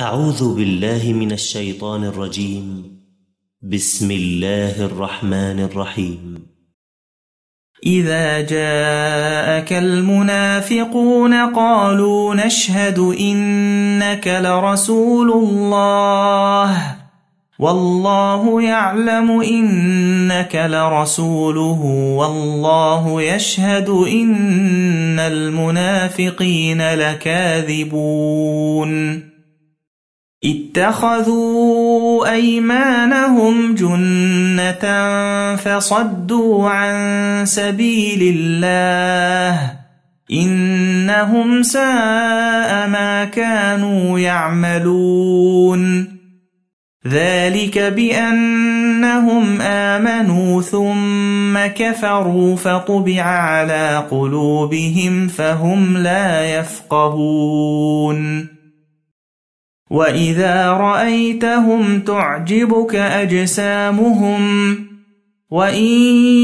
أعوذ بالله من الشيطان الرجيم بسم الله الرحمن الرحيم إذا جاءك المنافقون قالوا نشهد إنك لرسول الله والله يعلم إنك لرسوله والله يشهد إن المنافقين لكاذبون اتخذوا أيمانهم جنة فصدوا عن سبيل الله إنهم ساء ما كانوا يعملون ذلك بأنهم آمنوا ثم كفروا فطبع على قلوبهم فهم لا يفقهون وإذا رأيتهم تعجبك أجسامهم وإن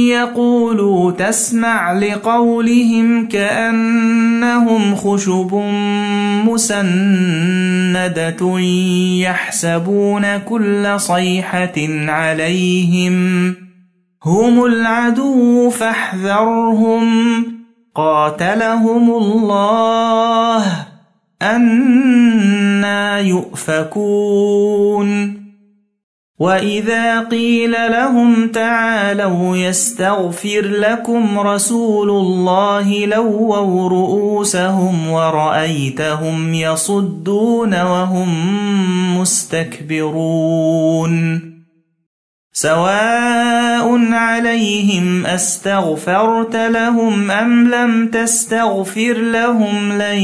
يقولوا تسمع لقولهم كأنهم خشب مسندة يحسبون كل صيحة عليهم هم العدو فاحذرهم قاتلهم الله أنا يؤفكون وإذا قيل لهم تعالوا يستغفر لكم رسول الله لووا رؤوسهم ورأيتهم يصدون وهم مستكبرون سواء عليهم أستغفرت لهم أم لم تستغفر لهم لن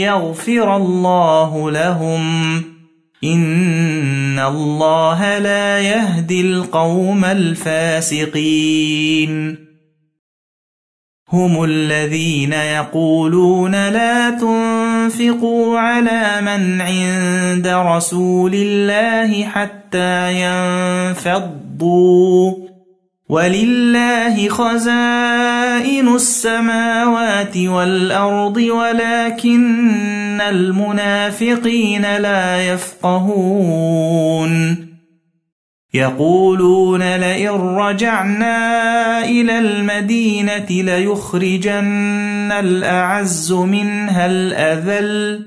يغفر الله لهم إن الله لا يهدي القوم الفاسقين هم الذين يقولون لا تنفقوا على من عند رسول الله حتى ينفضوا ولله خزائن السماوات والأرض ولكن المنافقين لا يفقهون يقولون لئن رجعنا إلى المدينة ليخرجن الأعز منها الأذل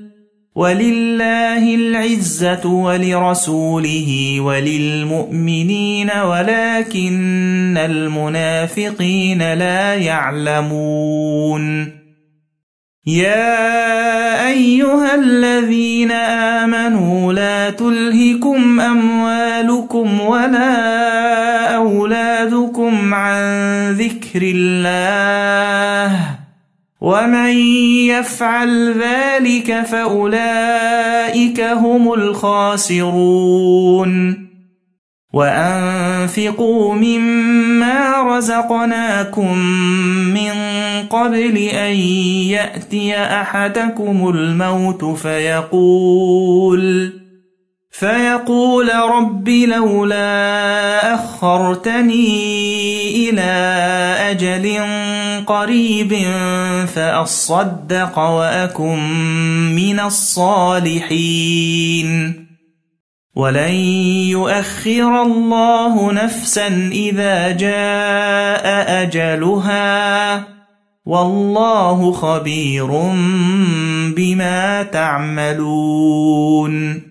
ولله العزة ولرسوله وللمؤمنين ولكن المنافقين لا يعلمون يا أيها الذين آمنوا لا تلهكم أموالكم ولا أولادكم عن ذكر الله ومن يفعل ذلك فأولئك هم الخاسرون وأنفقوا مما رزقناكم من قبل أن يأتي أحدكم الموت فيقول فيقول رب لولا أخرتني إلى أجل قريب فأصدق وأكن من الصالحين ولن يؤخر الله نفسا إذا جاء أجلها والله خبير بما تعملون